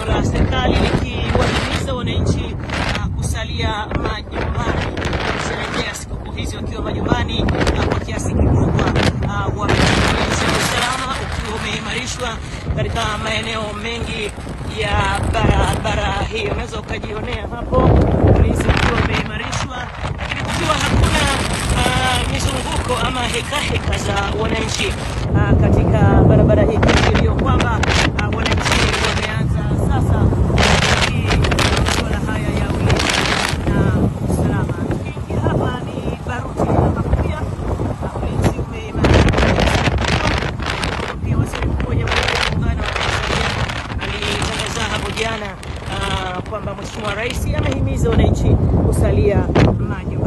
agizo la serikali likiwahimiza wananchi uh, kusalia majumbani kusherehekea sikukuu hizi wakiwa majumbani uh, kwa kiasi kikubwa uh, usalama ukiwa umeimarishwa katika maeneo mengi ya barabara hii. Unaweza ukajionea hapo ulinzi ukiwa umeimarishwa, lakini kukiwa hakuna uh, mizunguko ama hekaheka za wananchi uh, katika barabara hii. jana uh, ah, kwamba Mheshimiwa Rais amehimiza wananchi kusalia majumbani.